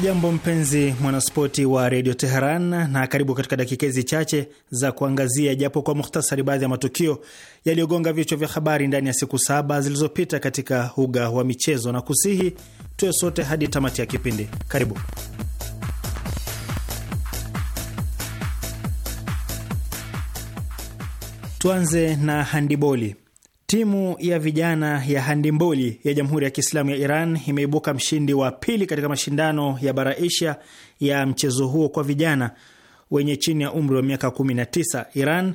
Speaker 4: Hujambo mpenzi mwanaspoti wa redio Teheran, na karibu katika dakika hizi chache za kuangazia japo kwa muhtasari baadhi ya matukio yaliyogonga vichwa vya habari ndani ya siku saba zilizopita katika uga wa michezo, na kusihi tuwe sote hadi tamati ya kipindi. Karibu. Tuanze na handiboli. Timu ya vijana ya handimboli ya Jamhuri ya Kiislamu ya Iran imeibuka mshindi wa pili katika mashindano ya bara Asia ya mchezo huo kwa vijana wenye chini ya umri wa miaka 19. Iran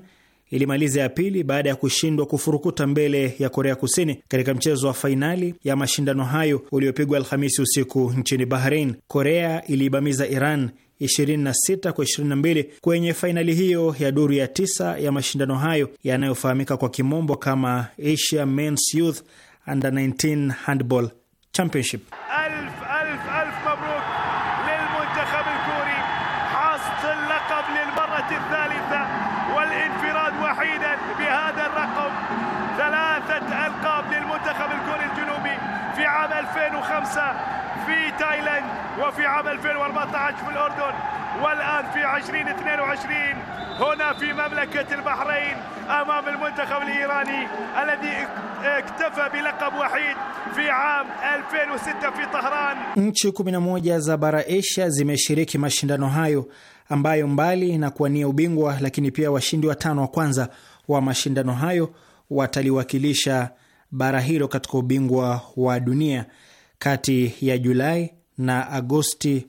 Speaker 4: ilimaliza ya pili baada ya kushindwa kufurukuta mbele ya Korea Kusini katika mchezo wa fainali ya mashindano hayo uliopigwa Alhamisi usiku nchini Bahrain. Korea iliibamiza Iran 26 kwa 22 kwenye fainali hiyo ya duru ya tisa ya mashindano hayo yanayofahamika kwa kimombo kama Asia Men's Youth Under 19 Handball Championship Al
Speaker 3: وفي عام 2014 في الأردن والآن في 2022 هنا في مملكة البحرين أمام المنتخب الإيراني الذي اكتفى بلقب وحيد fi am 2006 fi طهران
Speaker 4: Nchi 11 za bara Asia zimeshiriki mashindano hayo ambayo mbali na kuwania ubingwa, lakini pia washindi watano wa kwanza wa mashindano hayo wataliwakilisha bara hilo katika ubingwa wa dunia kati ya Julai na Agosti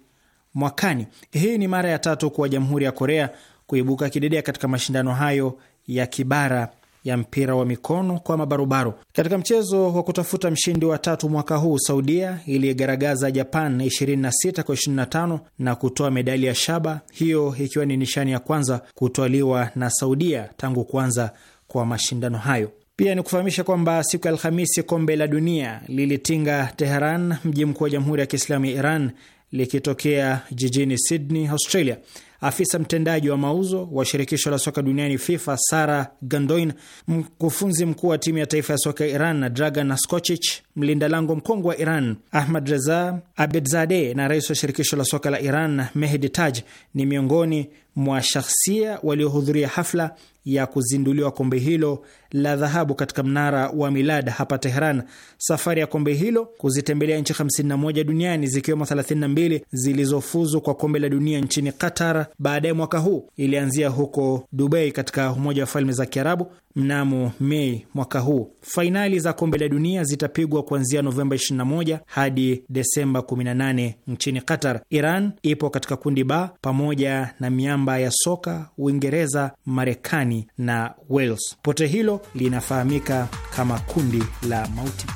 Speaker 4: mwakani. Hii ni mara ya tatu kwa Jamhuri ya Korea kuibuka kidedea katika mashindano hayo ya kibara ya mpira wa mikono kwa mabarobaro. Katika mchezo wa kutafuta mshindi wa tatu mwaka huu, Saudia iliyegaragaza Japan 26 kwa 25 na kutoa medali ya shaba, hiyo ikiwa ni nishani ya kwanza kutwaliwa na Saudia tangu kuanza kwa mashindano hayo. Pia ni kufahamisha kwamba siku ya Alhamisi kombe la dunia lilitinga Teheran, mji mkuu wa jamhuri ya kiislamu ya Iran, likitokea jijini Sydney, Australia afisa mtendaji wa mauzo wa shirikisho la soka duniani FIFA Sara Gandoin, mkufunzi mkuu wa timu ya taifa ya soka ya Iran na Dragan Nascochich, mlinda lango mkongwe wa Iran Ahmad Reza Abedzade na rais wa shirikisho la soka la Iran Mehdi Taj ni miongoni mwa shakhsia waliohudhuria hafla ya kuzinduliwa kombe hilo la dhahabu katika mnara wa Milad hapa teheran Safari ya kombe hilo kuzitembelea nchi 51 duniani zikiwemo 32 zilizofuzu kwa kombe la dunia nchini Qatar baadaye mwaka huu. Ilianzia huko Dubai katika Umoja wa Falme za Kiarabu mnamo Mei mwaka huu. Fainali za Kombe la Dunia zitapigwa kuanzia Novemba 21 hadi Desemba 18 nchini Qatar. Iran ipo katika kundi ba pamoja na miamba ya soka Uingereza, Marekani na Wales. Pote hilo linafahamika kama kundi la mauti.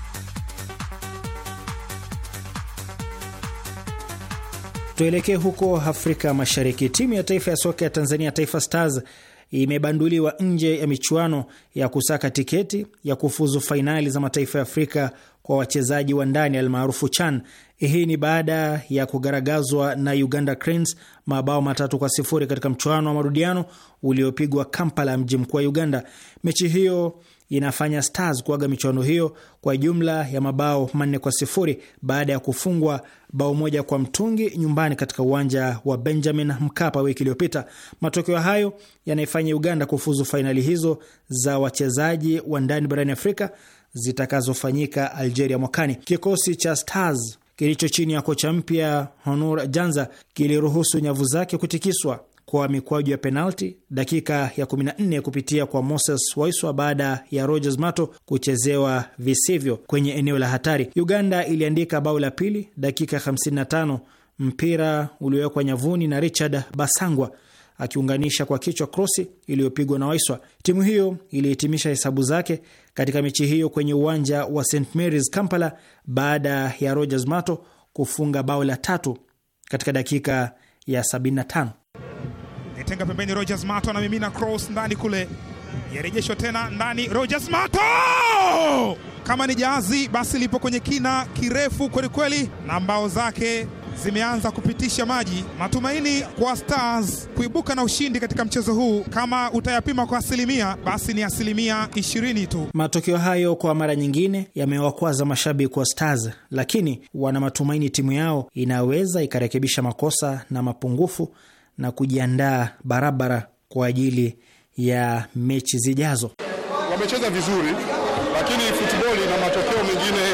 Speaker 4: Tuelekee huko Afrika Mashariki. Timu ya taifa ya soka ya Tanzania, Taifa Stars, imebanduliwa nje ya michuano ya kusaka tiketi ya kufuzu fainali za mataifa ya Afrika kwa wachezaji wa ndani almaarufu CHAN. Hii ni baada ya kugaragazwa na Uganda Cranes mabao matatu kwa sifuri katika mchuano wa marudiano uliopigwa Kampala, mji mkuu wa Uganda. Mechi hiyo inafanya Stars kuaga michuano hiyo kwa jumla ya mabao manne kwa sifuri baada ya kufungwa bao moja kwa mtungi nyumbani katika uwanja wa Benjamin Mkapa wiki iliyopita. Matokeo hayo yanaifanya Uganda kufuzu fainali hizo za wachezaji wa ndani barani Afrika zitakazofanyika Algeria mwakani. Kikosi cha Stars kilicho chini ya kocha mpya Honor Janza kiliruhusu nyavu zake kutikiswa kwa mikwaju ya penalti dakika ya 14 kupitia kwa Moses Waiswa baada ya Rogers Mato kuchezewa visivyo kwenye eneo la hatari. Uganda iliandika bao la pili dakika 55, mpira uliowekwa nyavuni na Richard Basangwa akiunganisha kwa kichwa krosi iliyopigwa na Waiswa. Timu hiyo ilihitimisha hesabu zake katika mechi hiyo kwenye uwanja wa St Mary's Kampala baada ya Rogers Mato kufunga bao la tatu katika dakika ya 75
Speaker 2: anatenga pembeni, Rogers Mato anamimina cross ndani kule, yarejeshwa tena ndani,
Speaker 4: Rogers Mato kama ni jahazi basi lipo kwenye kina kirefu kwelikweli, na mbao zake zimeanza kupitisha maji. Matumaini kwa Stars kuibuka na ushindi katika mchezo huu, kama utayapima kwa asilimia, basi ni asilimia ishirini tu. Matokeo hayo kwa mara nyingine yamewakwaza mashabiki wa Stars, lakini wana matumaini timu yao inaweza ikarekebisha makosa na mapungufu na kujiandaa barabara kwa ajili ya mechi zijazo.
Speaker 2: Wamecheza vizuri, lakini futboli na matokeo mengine,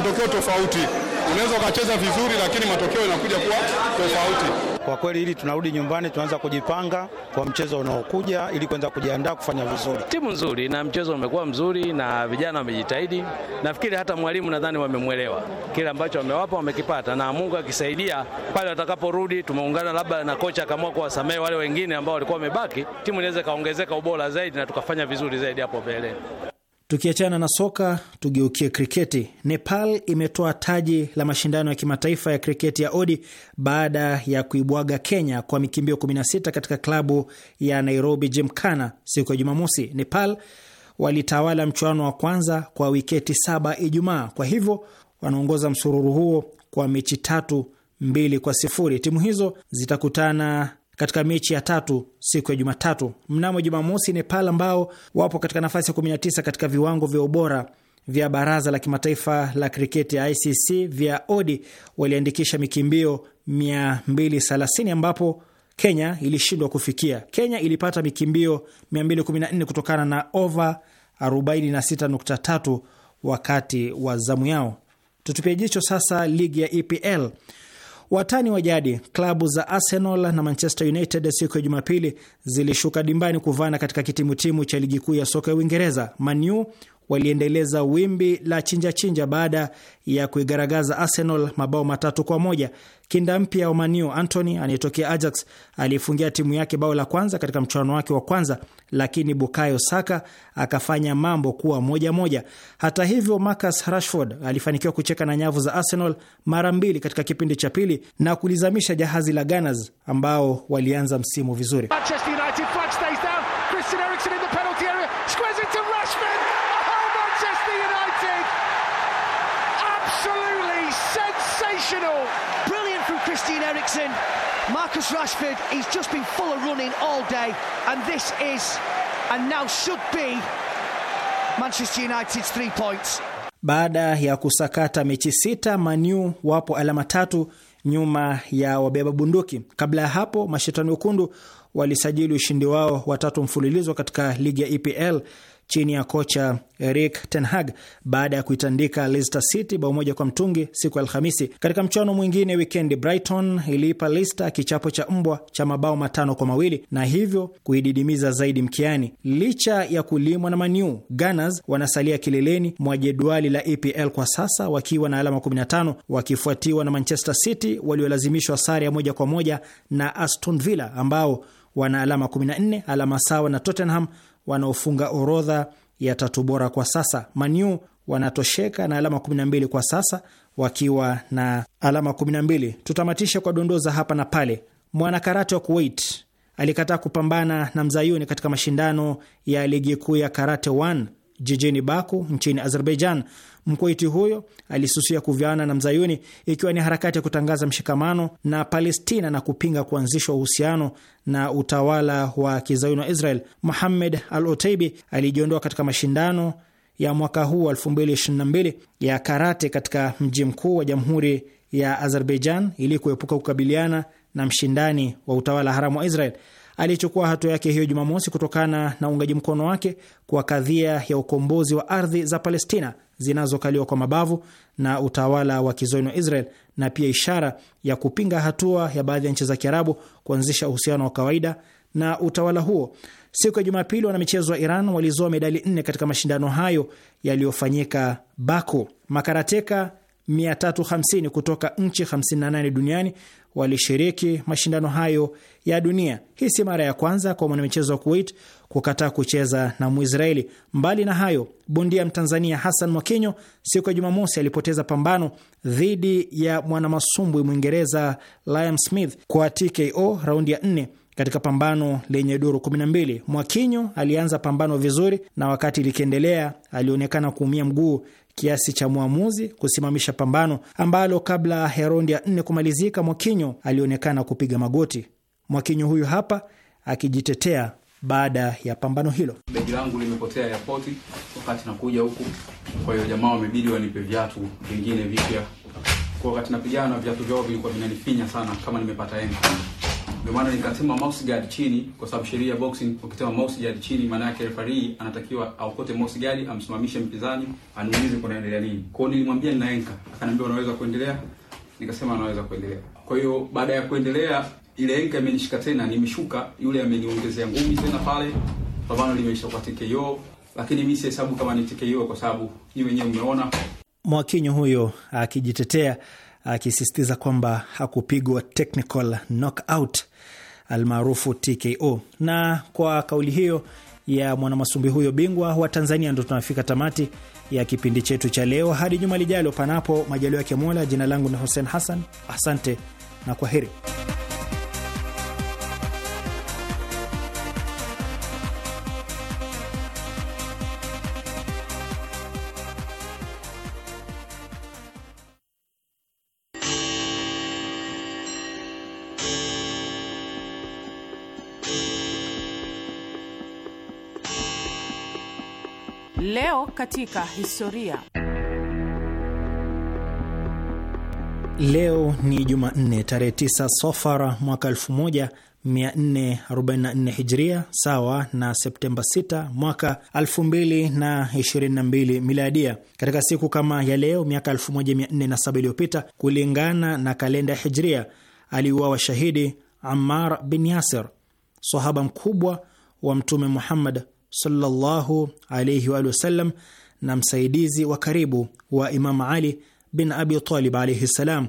Speaker 2: matokeo tofauti unaweza ukacheza vizuri, lakini matokeo yanakuja kuwa tofauti. Kwa kweli hili tunarudi nyumbani, tunaanza kujipanga kwa mchezo unaokuja ili kuanza kujiandaa kufanya vizuri. Timu nzuri na mchezo umekuwa mzuri na vijana wamejitahidi. Nafikiri hata mwalimu nadhani wamemwelewa kile ambacho wamewapa, wamekipata, na Mungu akisaidia pale watakaporudi, tumeungana labda na kocha akaamua kuwasamehe wale wengine ambao walikuwa wamebaki, timu inaweza ikaongezeka ubora zaidi na tukafanya vizuri zaidi hapo mbele.
Speaker 4: Tukiachana na soka, tugeukie kriketi. Nepal imetoa taji la mashindano ya kimataifa ya kriketi ya ODI baada ya kuibwaga Kenya kwa mikimbio 16 katika klabu ya Nairobi Gymkhana siku ya Jumamosi. Nepal walitawala mchuano wa kwanza kwa wiketi saba Ijumaa, kwa hivyo wanaongoza msururu huo kwa mechi tatu mbili kwa sifuri. Timu hizo zitakutana katika mechi ya tatu siku ya Jumatatu. Mnamo Jumamosi, Nepal ambao wapo katika nafasi ya 19 katika viwango vya ubora vya baraza la kimataifa la kriketi ya ICC vya odi waliandikisha mikimbio 230 ambapo Kenya ilishindwa kufikia. Kenya ilipata mikimbio 214 kutokana na ova 46.3 wakati wa zamu yao. Tutupia jicho sasa ligi ya EPL Watani wa jadi klabu za Arsenal na Manchester United siku ya Jumapili zilishuka dimbani kuvana katika kitimutimu cha ligi kuu ya soka ya Uingereza. Manu waliendeleza wimbi la chinja chinja baada ya kuigaragaza Arsenal mabao matatu kwa moja. Kinda mpya wa Maniu Antony anayetokea Ajax aliifungia timu yake bao la kwanza katika mchuano wake wa kwanza, lakini Bukayo Saka akafanya mambo kuwa moja moja. Hata hivyo, Marcus Rashford alifanikiwa kucheka na nyavu za Arsenal mara mbili katika kipindi cha pili na kulizamisha jahazi la Gunners ambao walianza msimu vizuri Manchester
Speaker 5: United. Marcus Rashford, he's just been full of running all day, and this is and now should be Manchester United's three points.
Speaker 4: Baada ya kusakata mechi sita, Manu wapo alama tatu nyuma ya wabeba bunduki. Kabla ya hapo, mashetani wekundu walisajili ushindi wao watatu mfululizo katika ligi ya EPL chini ya kocha Erik ten Hag baada ya kuitandika Leicester City bao moja kwa mtungi siku ya Alhamisi. Katika mchuano mwingine wikendi, Brighton iliipa Leicester kichapo cha mbwa cha mabao matano kwa mawili na hivyo kuididimiza zaidi mkiani. Licha ya kulimwa na Manu, Gunners wanasalia kileleni mwa jedwali la EPL kwa sasa wakiwa na alama 15 wakifuatiwa na Manchester City waliolazimishwa sare ya moja kwa moja na Aston Villa ambao wana alama 14, alama sawa na Tottenham wanaofunga orodha ya tatu bora kwa sasa. Manu wanatosheka na alama 12 kwa sasa wakiwa na alama 12. Tutamatisha kwa dondoza hapa na pale. Mwanakarate wa Kuwait alikataa kupambana na mzayuni katika mashindano ya ligi kuu ya Karate 1 jijini Baku nchini Azerbaijan. Mkuwaiti huyo alisusia kuviana na mzayuni ikiwa ni harakati ya kutangaza mshikamano na Palestina na kupinga kuanzishwa uhusiano na utawala wa kizayuni wa Israel. Muhamed Al otaibi alijiondoa katika mashindano ya mwaka huu 2022 ya karate katika mji mkuu wa jamhuri ya Azerbaijan ili kuepuka kukabiliana na mshindani wa utawala haramu wa Israel. Alichukua hatua yake hiyo Jumamosi kutokana na uungaji mkono wake kwa kadhia ya ukombozi wa ardhi za Palestina zinazokaliwa kwa mabavu na utawala wa kizoni wa Israel na pia ishara ya kupinga hatua ya baadhi ya nchi za Kiarabu kuanzisha uhusiano wa kawaida na utawala huo. Siku ya Jumapili, wanamichezo wa Iran walizoa medali nne katika mashindano hayo yaliyofanyika Baku. Makarateka 350 kutoka nchi 58 duniani walishiriki mashindano hayo ya dunia. Hii si mara ya kwanza kwa mwanamichezo wa Kuwait kukataa kucheza na Mwisraeli. Mbali na hayo, bondia Mtanzania Hassan Mwakinyo siku ya Jumamosi alipoteza pambano dhidi ya mwanamasumbwi Mwingereza Liam Smith kwa TKO raundi ya nne katika pambano lenye duru 12. Mwakinyo alianza pambano vizuri na wakati likiendelea alionekana kuumia mguu kiasi cha mwamuzi kusimamisha pambano ambalo kabla ya raundi ya nne kumalizika, Mwakinyo alionekana kupiga magoti. Mwakinyo huyu hapa akijitetea baada ya pambano hilo.
Speaker 2: Begi langu limepotea yapoti wakati nakuja huku, kwa hiyo jamaa wamebidi wanipe viatu vingine vipya. Kwa wakati napigana, viatu vyao vilikuwa vinanifinya sana, kama nimepata enga ndio maana nikasema mouse guard chini, kwa sababu sheria ya boxing ukisema mouse guard chini, maana yake referee anatakiwa aokote mouse guard, amsimamishe mpinzani, anuulize kunaendelea nini. Kwa hiyo nilimwambia nina ninaenka, akaniambia unaweza kuendelea, nikasema anaweza kuendelea. Kwa hiyo baada ya kuendelea, ile enka imenishika tena, nimeshuka, yule ameniongezea ngumi tena pale, pambano limeisha kwa TKO, lakini mimi sihesabu kama ni TKO kwa sababu ni wenyewe umeona.
Speaker 4: Mwakinyo huyo akijitetea akisisitiza kwamba hakupigwa technical knockout almaarufu TKO. Na kwa kauli hiyo ya mwanamasumbi huyo bingwa wa Tanzania, ndo tunafika tamati ya kipindi chetu cha leo. Hadi juma lijalo, panapo majalio yake Mola. Jina langu ni Hussein Hassan, asante na kwa heri.
Speaker 1: Leo katika historia.
Speaker 4: Leo ni Jumanne tarehe 9 Sofara mwaka 1444 Hijria, sawa na Septemba 6 mwaka 2022 Miladia. Katika siku kama ya leo miaka 1407 iliyopita, kulingana na kalenda ya Hijria, aliuawa shahidi Ammar bin Yasir, sahaba mkubwa wa Mtume Muhammad sallallahu alayhi wa sallam na msaidizi wa karibu wa Imam Ali bin Abi Talib alayhi salam.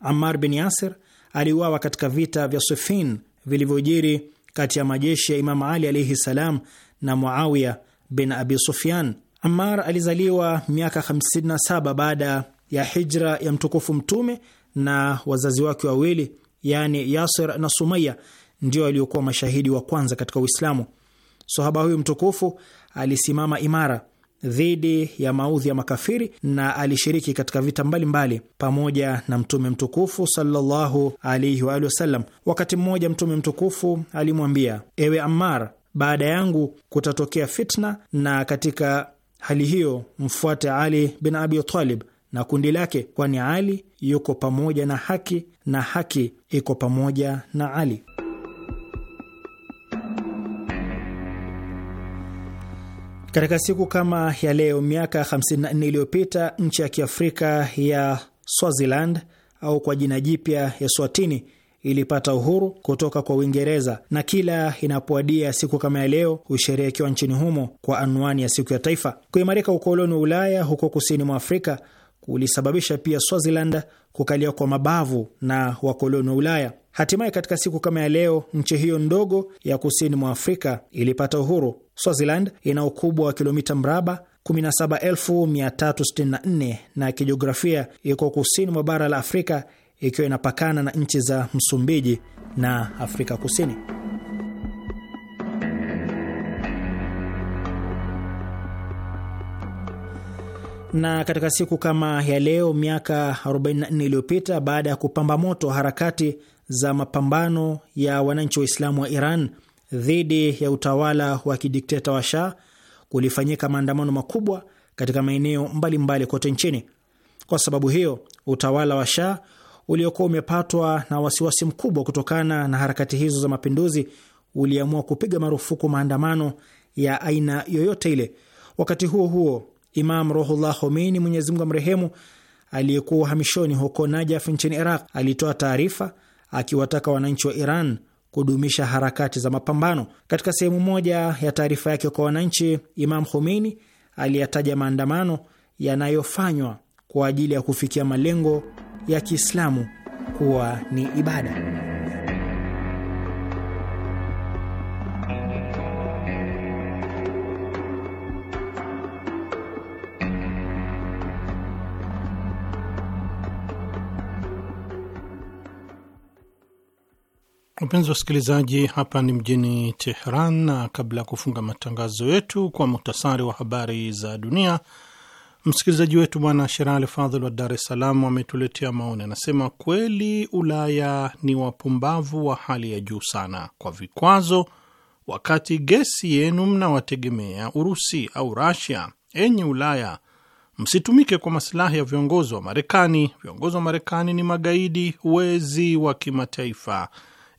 Speaker 4: Ammar bin Yasir aliuawa katika vita vya Siffin vilivyojiri kati ya majeshi ya Imam Ali alayhi salam na Muawiya bin Abi Sufyan. Ammar alizaliwa miaka 57 baada ya hijra ya mtukufu Mtume, na wazazi wake wawili yani Yasir na Sumaya ndio waliokuwa mashahidi wa kwanza katika Uislamu. Sahaba huyu mtukufu alisimama imara dhidi ya maudhi ya makafiri na alishiriki katika vita mbalimbali mbali, pamoja na mtume mtukufu sallallahu alaihi wa alihi wasallam. Wakati mmoja mtume mtukufu alimwambia, ewe Ammar, baada yangu kutatokea fitna, na katika hali hiyo mfuate Ali bin Abi Talib na kundi lake, kwani Ali yuko pamoja na haki na haki iko pamoja na Ali. Katika siku kama ya leo miaka 54 iliyopita nchi ya kiafrika ya Swaziland au kwa jina jipya ya Swatini ilipata uhuru kutoka kwa Uingereza, na kila inapoadia siku kama ya leo husherehekewa nchini humo kwa anwani ya siku ya taifa. Kuimarika ukoloni wa Ulaya huko kusini mwa Afrika kulisababisha pia Swaziland kukalia kwa mabavu na wakoloni wa Ulaya. Hatimaye katika siku kama ya leo nchi hiyo ndogo ya kusini mwa Afrika ilipata uhuru. Swaziland ina ukubwa wa kilomita mraba 17364 na kijiografia iko kusini mwa bara la Afrika ikiwa inapakana na nchi za Msumbiji na Afrika Kusini. Na katika siku kama ya leo miaka 44 iliyopita, baada ya kupamba moto harakati za mapambano ya wananchi Waislamu wa Iran dhidi ya utawala wa kidikteta wa Shah kulifanyika maandamano makubwa katika maeneo mbalimbali kote nchini. Kwa sababu hiyo, utawala wa Shah uliokuwa umepatwa na wasiwasi mkubwa kutokana na harakati hizo za mapinduzi uliamua kupiga marufuku maandamano ya aina yoyote ile. Wakati huo huo, Imam Ruhullah Khomeini, Mwenyezi Mungu amrehemu, aliyekuwa uhamishoni huko Najaf nchini Iraq, alitoa taarifa akiwataka wananchi wa Iran kudumisha harakati za mapambano. Katika sehemu moja ya taarifa yake kwa wananchi, Imam Khomeini aliyataja maandamano yanayofanywa kwa ajili ya kufikia malengo ya Kiislamu kuwa ni ibada.
Speaker 3: Wapenzi wasikilizaji, hapa ni mjini Teheran, na kabla ya kufunga matangazo yetu kwa muhtasari wa habari za dunia, msikilizaji wetu Bwana Sherali Fadhil wa Dar es Salaam ametuletea maoni. Anasema kweli Ulaya ni wapumbavu wa hali ya juu sana kwa vikwazo, wakati gesi yenu mnawategemea Urusi au Rasia. Enyi Ulaya, msitumike kwa masilahi ya viongozi wa Marekani. Viongozi wa Marekani ni magaidi, wezi wa kimataifa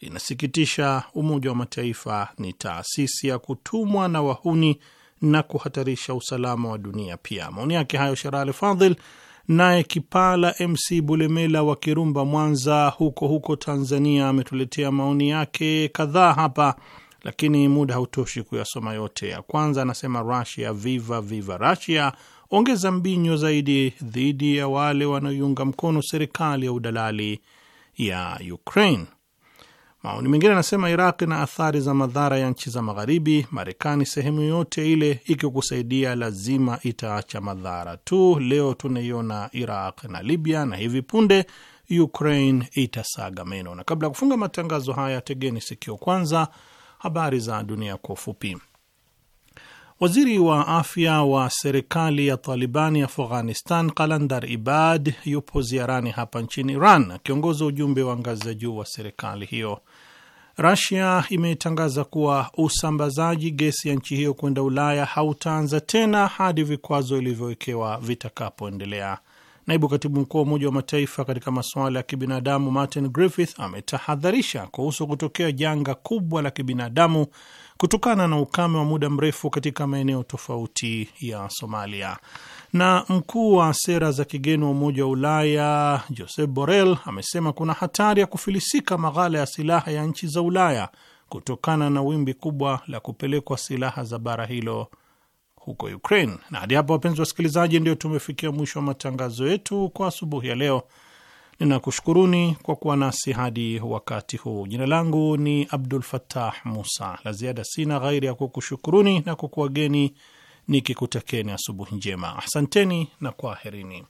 Speaker 3: Inasikitisha, Umoja wa Mataifa ni taasisi ya kutumwa na wahuni na kuhatarisha usalama wa dunia pia. Maoni yake hayo Sherali Fadhil. Naye Kipala MC Bulemela wa Kirumba, Mwanza, huko huko Tanzania, ametuletea maoni yake kadhaa hapa, lakini muda hautoshi kuyasoma yote. Ya kwanza anasema, rusia viva viva Russia, ongeza mbinyo zaidi dhidi ya wale wanaoiunga mkono serikali ya udalali ya Ukraine. Maoni mengine anasema Iraq na athari za madhara ya nchi za Magharibi, Marekani sehemu yoyote ile ikikusaidia lazima itaacha madhara tu. Leo tunaiona Iraq na Libya na hivi punde Ukraine itasaga meno. Na kabla ya kufunga matangazo haya, tegeni sikio kwanza habari za dunia kwa ufupi. Waziri wa afya wa serikali ya Talibani Afghanistan, Kalandar Ibad, yupo ziarani hapa nchini Iran akiongoza ujumbe wa ngazi za juu wa serikali hiyo. Rasia imetangaza kuwa usambazaji gesi ya nchi hiyo kwenda Ulaya hautaanza tena hadi vikwazo ilivyowekewa vitakapoendelea. Naibu katibu mkuu wa Umoja wa Mataifa katika masuala ya kibinadamu Martin Griffith ametahadharisha kuhusu kutokea janga kubwa la kibinadamu kutokana na ukame wa muda mrefu katika maeneo tofauti ya Somalia. Na mkuu wa sera za kigeni wa Umoja wa Ulaya Josep Borrell amesema kuna hatari ya kufilisika maghala ya silaha ya nchi za Ulaya kutokana na wimbi kubwa la kupelekwa silaha za bara hilo huko Ukraine. Na hadi hapa, wapenzi wasikilizaji, ndio tumefikia mwisho wa matangazo yetu kwa asubuhi ya leo. Ninakushukuruni kwa kuwa nasi hadi wakati huu. Jina langu ni Abdul Fattah Musa. La ziada sina ghairi ya kukushukuruni na kukuageni nikikutakeni asubuhi njema. Asanteni na kwaherini.